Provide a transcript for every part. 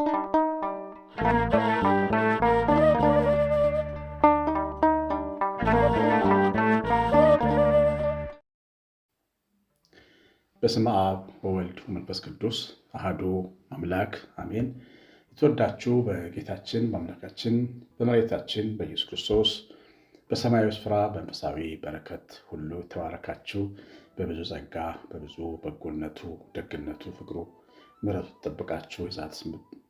በስመ አብ ወወልድ ወመንፈስ ቅዱስ አሐዱ አምላክ አሜን። የተወዳችሁ በጌታችን በአምላካችን በመሬታችን በኢየሱስ ክርስቶስ በሰማያዊ ስፍራ በመንፈሳዊ በረከት ሁሉ የተባረካችሁ በብዙ ጸጋ በብዙ በጎነቱ፣ ደግነቱ፣ ፍቅሩ፣ ምሕረቱ ጠብቃችሁ የዛት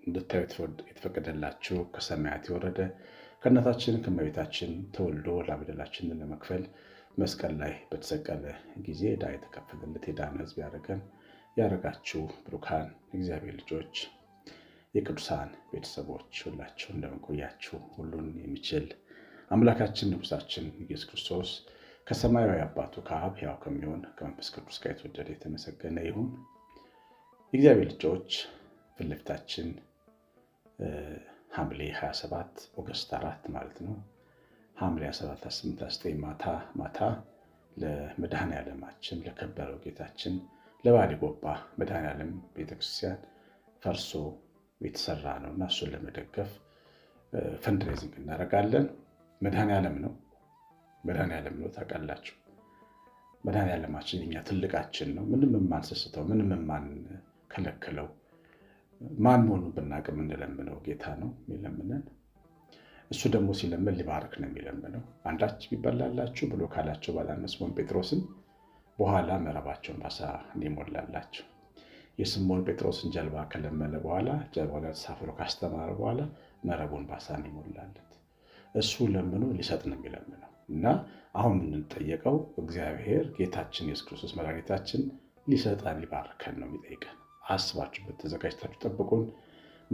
እንድታዩ የተፈቀደላችሁ ከሰማያት የወረደ ከእናታችን ከመቤታችን ተወልዶ ለበደላችንን ለመክፈል መስቀል ላይ በተሰቀለ ጊዜ ዕዳ የተከፈለለት የዳነ ሕዝብ ያደረገን ያደረጋችሁ ብሩካን እግዚአብሔር ልጆች የቅዱሳን ቤተሰቦች ሁላችሁ እንደምንቆያችሁ ሁሉን የሚችል አምላካችን ንጉሳችን ኢየሱስ ክርስቶስ ከሰማያዊ አባቱ ከአብ ያው ከሚሆን ከመንፈስ ቅዱስ ጋር የተወደደ የተመሰገነ ይሁን። የእግዚአብሔር ልጆች ፊት ለፊታችን ሐምሌ 27 ኦገስት 4 ማለት ነው። ሐምሌ 17 9 ማታ ማታ ለመድኃኔ ዓለማችን ለከበረው ጌታችን ለባሌ ጎባ መድኃኔ ዓለም ቤተክርስቲያን ፈርሶ የተሰራ ነው እና እሱን ለመደገፍ ፈንድሬዚንግ እናደርጋለን። መድኃኔ ዓለም ነው መድኃኔ ዓለም ነው ታውቃላችሁ። መድኃኔ ዓለማችን የኛ ትልቃችን ነው። ምንም የማንሰስተው ምንም የማንከለክለው ማን መሆኑ ብናቅ የምንለምነው ጌታ ነው የሚለምነን። እሱ ደግሞ ሲለምን ሊባርክ ነው የሚለምነው። አንዳች ቢበላላችሁ ብሎ ካላቸው ባላ ስምዖን ጴጥሮስን በኋላ መረባቸውን ባሳ ሊሞላላቸው የስሞን ጴጥሮስን ጀልባ ከለመነ በኋላ ጀልባ ላይ ተሳፍሮ ካስተማረ በኋላ መረቡን ባሳ ይሞላለት። እሱ ለምኖ ሊሰጥ ነው የሚለምነው እና አሁን የምንጠየቀው እግዚአብሔር ጌታችን ኢየሱስ ክርስቶስ መድኃኒታችን ሊሰጠን ሊባርከን ነው የሚጠይቀን። አስባችሁበት ተዘጋጅታችሁ ጠብቁን።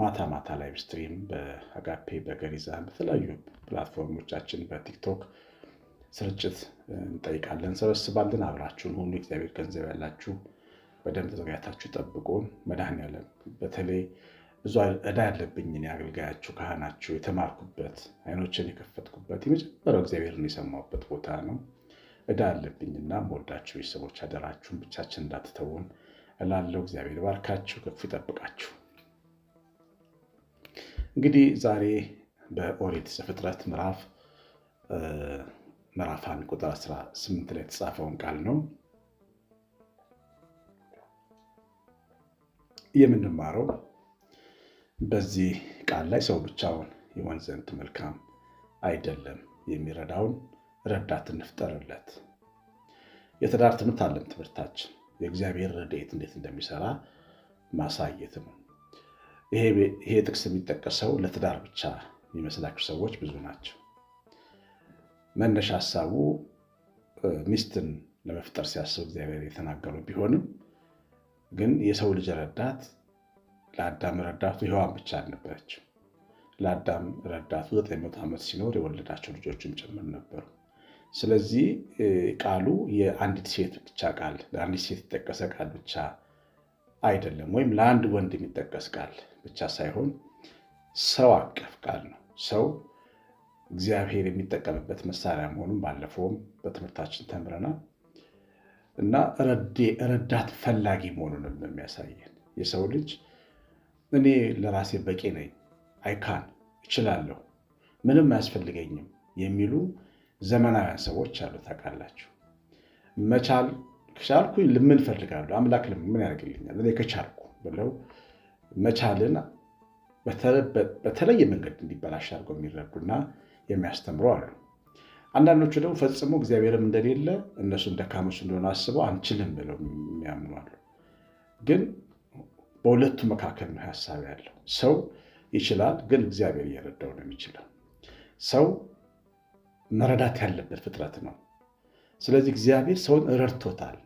ማታ ማታ ላይ ስትሪም በአጋፔ በገሪዛ በተለያዩ ፕላትፎርሞቻችን በቲክቶክ ስርጭት እንጠይቃለን፣ ሰበስባለን። አብራችሁን ሁሉ እግዚአብሔር ገንዘብ ያላችሁ በደንብ ተዘጋጅታችሁ ጠብቁን። መድኃኔዓለም በተለይ ብዙ እዳ ያለብኝ እኔ አገልጋያችሁ ካህናችሁ የተማርኩበት አይኖችን የከፈትኩበት የመጀመሪያው እግዚአብሔርን የሰማሁበት ቦታ ነው። እዳ ያለብኝና መወዳችሁ ቤተሰቦች አደራችሁን ብቻችን እንዳትተውን እላለሁ። እግዚአብሔር ባርካችሁ፣ ከፍ ይጠብቃችሁ። እንግዲህ ዛሬ በኦሪት ዘፍጥረት ምዕራፍ ምዕራፍ አንድ ቁጥር 18 ላይ የተጻፈውን ቃል ነው የምንማረው። በዚህ ቃል ላይ ሰው ብቻውን ይሆን ዘንድ መልካም አይደለም፣ የሚረዳውን ረዳት እንፍጠርለት። የትዳር ትምህርት አለን ትምህርታችን የእግዚአብሔር ረድኤት እንዴት እንደሚሰራ ማሳየት ነው። ይሄ ጥቅስ የሚጠቀሰው ለትዳር ብቻ የሚመስላችሁ ሰዎች ብዙ ናቸው። መነሻ ሀሳቡ ሚስትን ለመፍጠር ሲያስብ እግዚአብሔር የተናገሩ ቢሆንም ግን የሰው ልጅ ረዳት ለአዳም ረዳቱ ሔዋን ብቻ አልነበረችም። ለአዳም ረዳቱ ዘጠኝ መቶ ዓመት ሲኖር የወለዳቸው ልጆችም ጭምር ነበሩ። ስለዚህ ቃሉ የአንዲት ሴት ብቻ ቃል ለአንዲት ሴት የተጠቀሰ ቃል ብቻ አይደለም፣ ወይም ለአንድ ወንድ የሚጠቀስ ቃል ብቻ ሳይሆን ሰው አቀፍ ቃል ነው። ሰው እግዚአብሔር የሚጠቀምበት መሳሪያ መሆኑን ባለፈውም በትምህርታችን ተምረናል እና ረዳት ፈላጊ መሆኑንም የሚያሳየን። የሰው ልጅ እኔ ለራሴ በቂ ነኝ፣ አይካን እችላለሁ፣ ምንም አያስፈልገኝም የሚሉ ዘመናውያን ሰዎች አሉ። ታውቃላችሁ መቻል ከቻልኩኝ ልምን ፈልጋለሁ አምላክ ምን ያደርግልኛል እኔ ከቻልኩ ብለው መቻልን በተለየ መንገድ እንዲበላሽ አድርገው የሚረዱና የሚያስተምሩ አሉ። አንዳንዶቹ ደግሞ ፈጽሞ እግዚአብሔርም እንደሌለ እነሱም ደካሞች እንደሆነ አስበው አንችልም ብለው የሚያምኗሉ። ግን በሁለቱ መካከል ነው ሀሳብ ያለው። ሰው ይችላል፣ ግን እግዚአብሔር እየረዳው ነው የሚችለው ሰው መረዳት ያለበት ፍጥረት ነው። ስለዚህ እግዚአብሔር ሰውን ረድቶታል።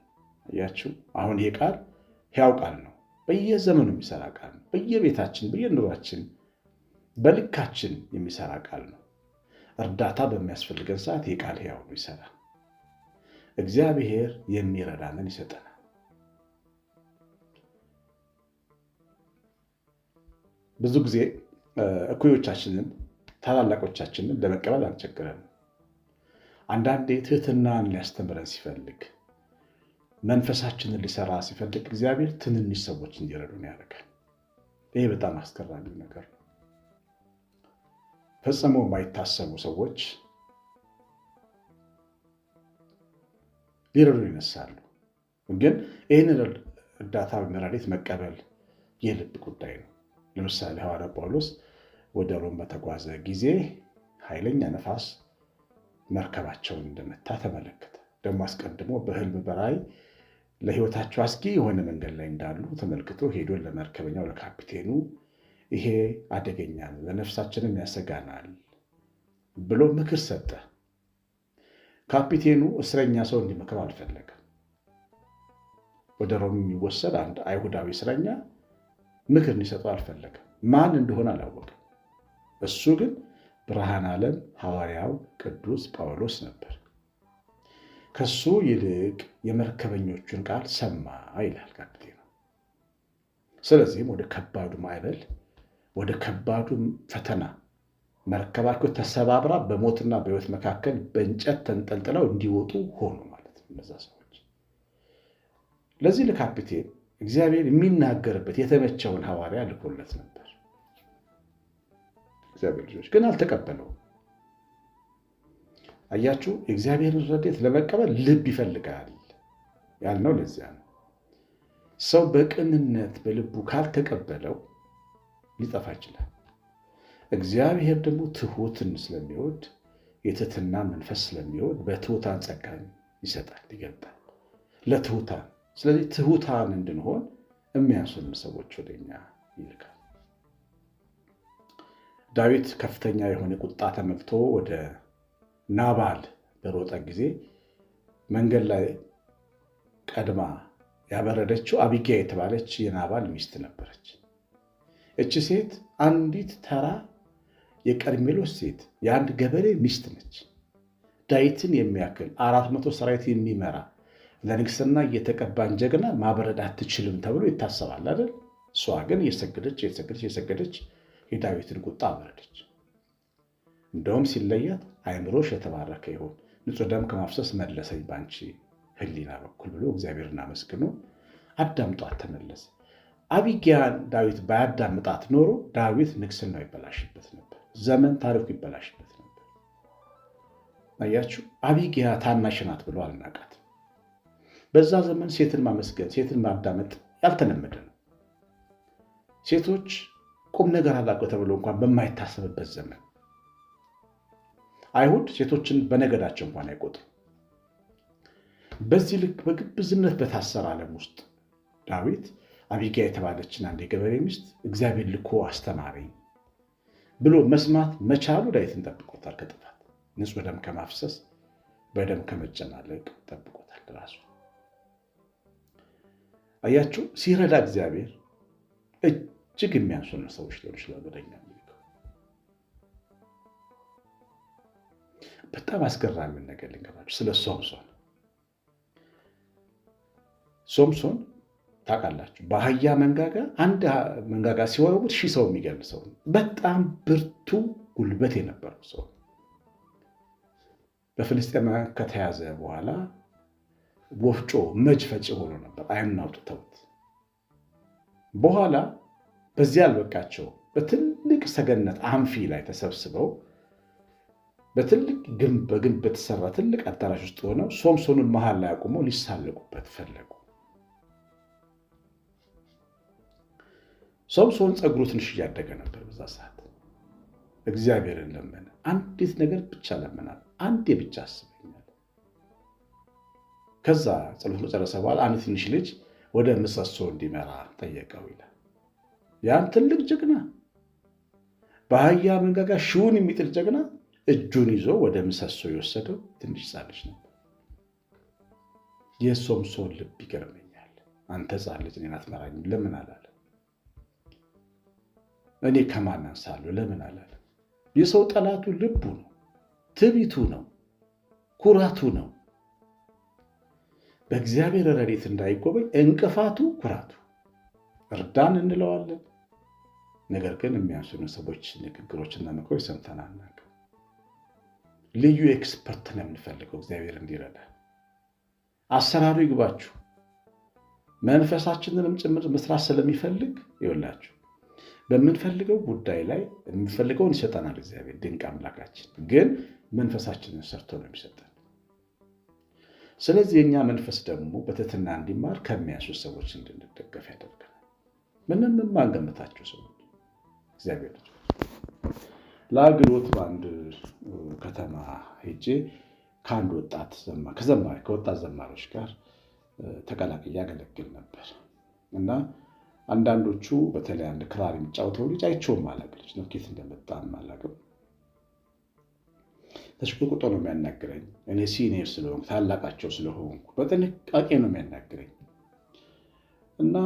እያችሁ አሁን ይህ ቃል ሕያው ቃል ነው። በየዘመኑ የሚሰራ ቃል ነው። በየቤታችን በየኑሯችን በልካችን የሚሰራ ቃል ነው። እርዳታ በሚያስፈልገን ሰዓት ይህ ቃል ሕያው ነው፣ ይሰራል። እግዚአብሔር የሚረዳንን ይሰጠናል። ብዙ ጊዜ እኩዮቻችንን ታላላቆቻችንን ለመቀበል አንቸግረንም። አንዳንዴ ትህትናን ሊያስተምረን ሲፈልግ መንፈሳችንን ሊሰራ ሲፈልግ እግዚአብሔር ትንንሽ ሰዎች እንዲረዱን ያደርጋል። ይህ በጣም አስገራሚ ነገር ነው። ፈጽሞ የማይታሰቡ ሰዎች ሊረዱን ይነሳሉ። ግን ይህን እርዳታ በመራዴት መቀበል የልብ ጉዳይ ነው። ለምሳሌ ሐዋርያ ጳውሎስ ወደ ሮም በተጓዘ ጊዜ ኃይለኛ ነፋስ መርከባቸውን እንደመታ ተመለከተ። ደግሞ አስቀድሞ በህልም በላይ ለህይወታቸው አስጊ የሆነ መንገድ ላይ እንዳሉ ተመልክቶ ሄዶ ለመርከበኛው ለካፒቴኑ ይሄ አደገኛ ነው፣ ለነፍሳችንም ያሰጋናል ብሎ ምክር ሰጠ። ካፒቴኑ እስረኛ ሰው እንዲመክር አልፈለገም። ወደ ሮም የሚወሰድ አንድ አይሁዳዊ እስረኛ ምክር እንዲሰጠው አልፈለገም። ማን እንደሆነ አላወቅም። እሱ ግን ብርሃን ዓለም ሐዋርያው ቅዱስ ጳውሎስ ነበር። ከሱ ይልቅ የመርከበኞቹን ቃል ሰማ ይላል ካፒቴኑ። ስለዚህም ወደ ከባዱ ማዕበል ወደ ከባዱ ፈተና መርከባቸው ተሰባብራ በሞትና በሕይወት መካከል በእንጨት ተንጠልጥለው እንዲወጡ ሆኑ ማለት ነው። እነዛ ሰዎች ለዚህ ለካፒቴን እግዚአብሔር የሚናገርበት የተመቸውን ሐዋርያ ልኮለት ነበር። እግዚአብሔር ልጆች ግን አልተቀበለውም። አያችሁ፣ የእግዚአብሔርን ረዴት ለመቀበል ልብ ይፈልጋል ያልነው ለዚያ ነው። ሰው በቅንነት በልቡ ካልተቀበለው ሊጠፋ ይችላል። እግዚአብሔር ደግሞ ትሑትን ስለሚወድ የትሕትና መንፈስ ስለሚወድ በትሑታን ጸጋን ይሰጣል፣ ይገልጣል ለትሑታን። ስለዚህ ትሑታን እንድንሆን የሚያስወንም ሰዎች ወደኛ ይልካል። ዳዊት ከፍተኛ የሆነ ቁጣ ተመልቶ ወደ ናባል በሮጠ ጊዜ መንገድ ላይ ቀድማ ያበረደችው አቢጊያ የተባለች የናባል ሚስት ነበረች። እች ሴት አንዲት ተራ የቀርሜሎስ ሴት የአንድ ገበሬ ሚስት ነች። ዳዊትን የሚያክል አራት መቶ ሰራዊት የሚመራ ለንግስና እየተቀባን ጀግና ማበረድ አትችልም ተብሎ ይታሰባል አይደል? እሷ ግን የሰገደች የሰገደች የሰገደች የዳዊትን ቁጣ አበረደች። እንደውም ሲለያት አይምሮሽ የተባረከ ይሁን ንጹሕ ደም ከማፍሰስ መለሰኝ በአንቺ ህሊና በኩል ብሎ እግዚአብሔርን አመስግኖ አዳምጧት ተመለሰ። አቢጊያን ዳዊት ባያዳምጣት ኖሮ ዳዊት ንግስናው ይበላሽበት ነበር፣ ዘመን ታሪኩ ይበላሽበት ነበር። አያችሁ፣ አቢጊያ ታናሽ ናት ብሎ አልናቃት። በዛ ዘመን ሴትን ማመስገን ሴትን ማዳመጥ ያልተለመደ ነው። ሴቶች ቁም ነገር አላገ ተብሎ እንኳን በማይታሰብበት ዘመን አይሁድ ሴቶችን በነገዳቸው እንኳን አይቆጥሩ። በዚህ ልክ በግብዝነት በታሰረ ዓለም ውስጥ ዳዊት አቢጋ የተባለችን አንድ የገበሬ ሚስት እግዚአብሔር ልኮ አስተማረኝ ብሎ መስማት መቻሉ ዳዊትን ጠብቆታል ከጥፋት ንጹሕ ደም ከማፍሰስ በደም ከመጨናለቅ ጠብቆታል ራሱ። አያችሁ ሲረዳ እግዚአብሔር እጅግ የሚያንሱን ሰዎች ሊሆን ይችላል ወደኛ በጣም አስገራሚውን ነገር ልንገራችሁ ስለ ሶምሶን። ሶምሶን ታውቃላችሁ፣ በአህያ መንጋጋ አንድ መንጋጋ ሲወረቡት ሺህ ሰው የሚገል ሰው፣ በጣም ብርቱ ጉልበት የነበረው ሰው በፍልስጤም ከተያዘ በኋላ ወፍጮ መጅ ፈጭ ሆኖ ነበር። አይኑን ተውት። በኋላ በዚህ አልበቃቸው። በትልቅ ሰገነት አንፊ ላይ ተሰብስበው በትልቅ ግንብ በግንብ በተሰራ ትልቅ አዳራሽ ውስጥ ሆነው ሶምሶንን መሃል ላይ አቁመው ሊሳለቁበት ፈለጉ። ሶምሶን ፀጉሩ ትንሽ እያደገ ነበር። በዛ ሰዓት እግዚአብሔርን ለመነ። አንዲት ነገር ብቻ ለመናል። አንዴ ብቻ አስበኛል። ከዛ ጸሎት መጨረሰ በኋላ አንድ ትንሽ ልጅ ወደ ምሰሶ እንዲመራ ጠየቀው ይላል። ያን ትልቅ ጀግና በአህያ መንጋጋ ሽውን የሚጥል ጀግና እጁን ይዞ ወደ ምሰሶ የወሰደው ትንሽ ሕፃን ልጅ ነው። የሶምሶን ልብ ይገርመኛል። አንተ ሕፃን ልጅ እኔን አትመራኝም ለምን አላለ? እኔ ከማን አንሳለሁ ለምን አላለ? የሰው ጠላቱ ልቡ ነው፣ ትቢቱ ነው፣ ኩራቱ ነው። በእግዚአብሔር ረድኤት እንዳይጎበኝ እንቅፋቱ ኩራቱ። እርዳን እንለዋለን ነገር ግን የሚያስኑ ሰዎች ንግግሮችና ምክሮች ሰምተን ልዩ ኤክስፐርት ነው የምንፈልገው፣ እግዚአብሔር እንዲረዳ አሰራሩ ይግባችሁ። መንፈሳችንንም ጭምር መስራት ስለሚፈልግ ይወላችሁ በምንፈልገው ጉዳይ ላይ የምንፈልገውን ይሰጠናል። እግዚአብሔር ድንቅ አምላካችን ግን መንፈሳችንን ሰርቶ ነው የሚሰጠን። ስለዚህ የኛ መንፈስ ደግሞ በትህትና እንዲማር ከሚያሱ ሰዎች እንድንደገፍ ያደርገናል። ምንም የማንገምታቸው ሰዎች እግዚአብሔር ልጅ ለአገልግሎት በአንድ ከተማ ሄጄ ከአንድ ወጣት ከዘማሪ ከወጣት ዘማሪዎች ጋር ተቀላቅዬ ያገለግል ነበር እና አንዳንዶቹ በተለይ አንድ ክራር የሚጫወተው ልጅ አይቼውም አላውቅም። ልጅ ነው፣ ከየት እንደመጣም አላውቅም። ተሽቆጥቁጦ ነው የሚያናግረኝ። እኔ ሲኒየር ስለሆንኩ ታላቃቸው ስለሆንኩ በጥንቃቄ ነው የሚያናግረኝ እና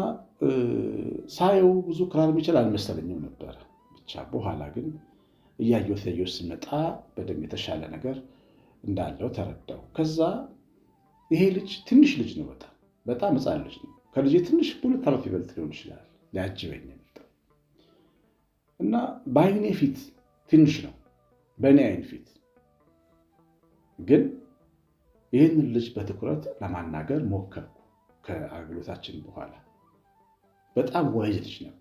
ሳየው ብዙ ክራር የሚችል አልመሰለኝም ነበረ። ብቻ በኋላ ግን እያየሁ እያየሁ ስመጣ በደም የተሻለ ነገር እንዳለው ተረዳው። ከዛ ይሄ ልጅ ትንሽ ልጅ ነው፣ በጣም በጣም ሕፃን ልጅ ነው። ከልጅ ትንሽ ሁለት ዓመት ይበልጥ ሊሆን ይችላል። ሊያጅበኝ መጣው እና በአይኔ ፊት ትንሽ ነው፣ በእኔ አይን ፊት ግን ይህንን ልጅ በትኩረት ለማናገር ሞከርኩ። ከአገልግሎታችን በኋላ በጣም ወይ ልጅ ነው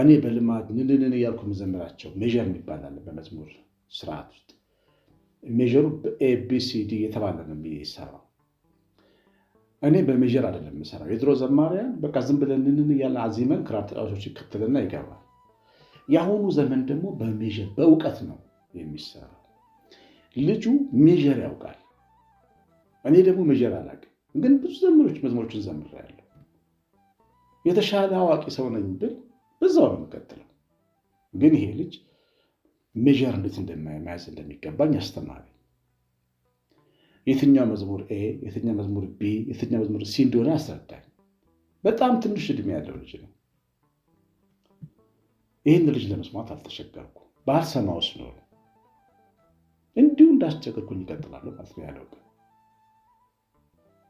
እኔ በልማት ንንንን እያልኩ መዘምራቸው ሜዥር የሚባል አለ። በመዝሙር ስርዓት ውስጥ ሜዥሩ በኤቢሲዲ የተባለ ነው የሚሰራው። እኔ በሜዥር አይደለም የምሰራው። የድሮ ዘማሪያን በቃ ዝም ብለን ንንን እያለ አዚመን ክራር ተጫዋቾች ይከተልና ይገባል። የአሁኑ ዘመን ደግሞ በሜዥር በእውቀት ነው የሚሰራ ልጁ ሜዥር ያውቃል። እኔ ደግሞ ሜዥር አላውቅም፣ ግን ብዙ ዘመኖች መዝሙሮችን ዘምሬያለሁ። የተሻለ አዋቂ ሰው ነኝ ብል በዛው ነው የምቀጥለው። ግን ይሄ ልጅ ሜዥር እንዴት እንደማያዝ እንደሚገባኝ አስተማሪ። የትኛው መዝሙር ኤ፣ የትኛው መዝሙር ቢ፣ የትኛው መዝሙር ሲ እንደሆነ አስረዳኝ። በጣም ትንሽ እድሜ ያለው ልጅ ነው። ይህን ልጅ ለመስማት አልተሸገርኩ። ባልሰማ ውስጥ ኖሩ እንዲሁ እንዳስቸገርኩኝ ይቀጥላሉ ማለት ነው ያለው።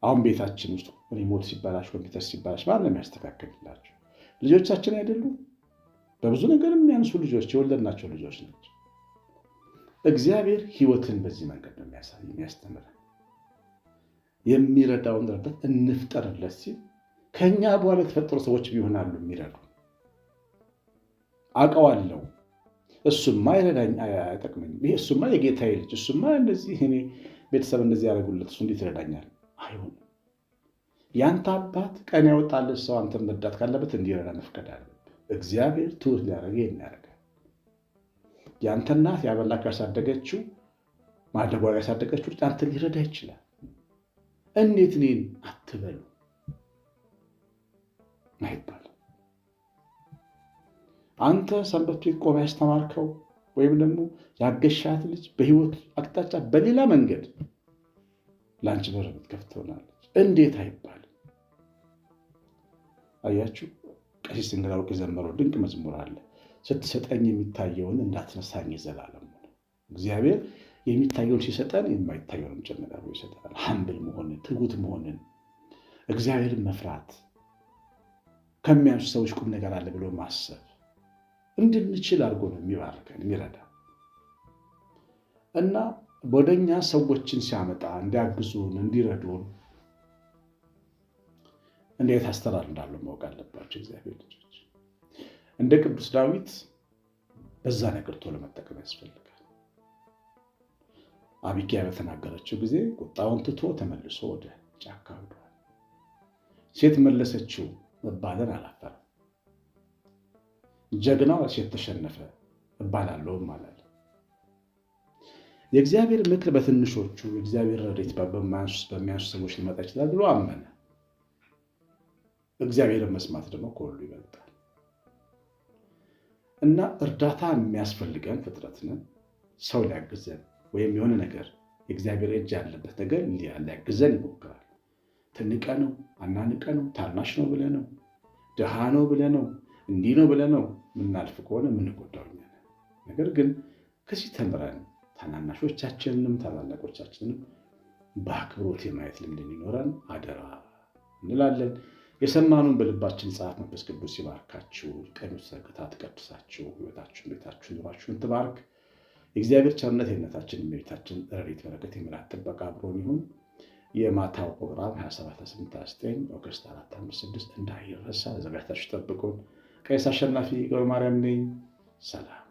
አሁን ቤታችን ውስጥ ሪሞት ሲበላሽ፣ ኮምፒውተር ሲበላሽ ማን ነው የሚያስተካክልላቸው? ልጆቻችን አይደሉም? በብዙ ነገር የሚያንሱ ልጆች የወለድናቸው ልጆች ናቸው። እግዚአብሔር ሕይወትን በዚህ መንገድ ነው የሚረዳውን ረዳት እንፍጠርለት ሲል ከእኛ በኋላ የተፈጠሩ ሰዎች ቢሆናሉ የሚረዱ። አውቀዋለሁ፣ እሱማ ይረዳኝ አይጠቅመኝም፣ ይሄ እሱማ የጌታዬ ልጅ፣ እሱማ እንደዚህ እኔ ቤተሰብ እንደዚህ ያደረጉለት እሱ እንዴት ይረዳኛል? አይሆንም ያንተ አባት ቀን ያወጣልህ ሰው አንተን መርዳት ካለበት እንዲረዳ መፍቀድ እግዚአብሔር ትሑት ሊያደርግ የሚያደርገ ያንተ እናት ያበላችሁ ያሳደገችው ማደጓሪ ያሳደገችው ልጅ አንተን ሊረዳ ይችላል። እንዴት እኔን አትበሉ አይባል። አንተ ሰንበት ቤት ቆመ ያስተማርከው ወይም ደግሞ ያገሻት ልጅ በህይወት አቅጣጫ በሌላ መንገድ ለአንቺ በር የምትከፍት ትሆናለች። እንዴት አይባል። አያችሁ፣ ቀሲስ ድንግል የዘመረው ድንቅ መዝሙር አለ። ስትሰጠኝ የሚታየውን እንዳትነሳኝ የዘላለም እግዚአብሔር የሚታየውን ሲሰጠን የማይታየውንም ጭምር ይሰጠናል። ሀምብል መሆንን ትጉት መሆንን እግዚአብሔርን መፍራት ከሚያንሱ ሰዎች ቁም ነገር አለ ብሎ ማሰብ እንድንችል አድርጎ ነው የሚባርከን የሚረዳ እና ወደኛ ሰዎችን ሲያመጣ እንዲያግዙን እንዲረዱን እንዴት አስተራር እንዳለ ማወቅ አለባቸው እግዚአብሔር ልጆች። እንደ ቅዱስ ዳዊት በዛ ነገር ቶሎ መጠቀም ያስፈልጋል። አቢጊያ በተናገረችው ጊዜ ቁጣውን ትቶ ተመልሶ ወደ ጫካ ሄዷል። ሴት መለሰችው መባለን አላፈረም። ጀግና ሴት ተሸነፈ እባላለሁም አላለ። የእግዚአብሔር ምክር በትንሾቹ የእግዚአብሔር ረድኤት በሚያንሱ ሰዎች ሊመጣ ይችላል ብሎ አመነ። እግዚአብሔርን መስማት ደግሞ ከሁሉ ይበልጣል እና እርዳታ የሚያስፈልገን ፍጥረት ነን። ሰው ሊያግዘን ወይም የሆነ ነገር የእግዚአብሔር እጅ ያለበት ነገር ሊያግዘን ይሞክራል። ትንቀ ነው አናንቀ ነው ታናሽ ነው ብለ ነው ድሃ ነው ብለ ነው እንዲህ ነው ብለ ነው የምናልፍ ከሆነ የምንጎዳው እኛ ነን። ነገር ግን ከዚህ ተምረን ታናናሾቻችንንም ታላላቆቻችንንም በአክብሮት የማየት ልምድ እንዲኖረን አደራ እንላለን። የሰማኑን በልባችን ጻፍ። መንፈስ ቅዱስ ይባርካችሁ። ቀኑ ሰግታ ትቀድሳችሁ። ህይወታችሁን፣ ቤታችሁን፣ ኑሯችሁን ትባርክ። የእግዚአብሔር ቸርነት፣ የእምነታችን የቤታችን ረድኤት በረከት፣ የምላት ጥበቃ አብሮን ይሁን። የማታው ፕሮግራም 2789 ኦገስት 456 እንዳይረሳ። ዘጋታችሁ ጠብቁን። ቀሲስ አሸናፊ ገብረ ማርያም ነኝ። ሰላም